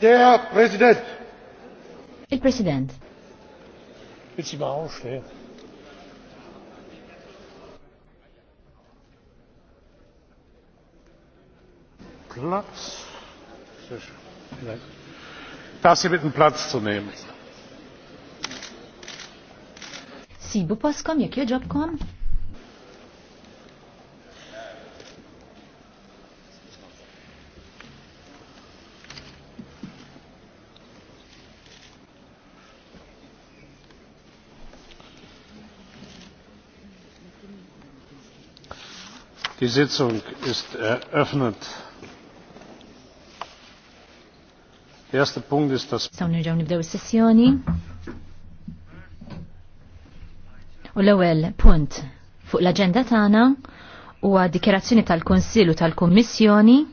Der Präsident. Il-President. Willst du mal Platz. Sehr schön. Darf Sie bitten, Platz zu nehmen? Sibu paskom, jek joġobkom? Die Sitzung ist eröffnet. Erster Punkt ist das. U l-ewwel punt fuq l-aġenda tagħna huwa dikjerazzjoni tal-Konsillu tal-Kummissjoni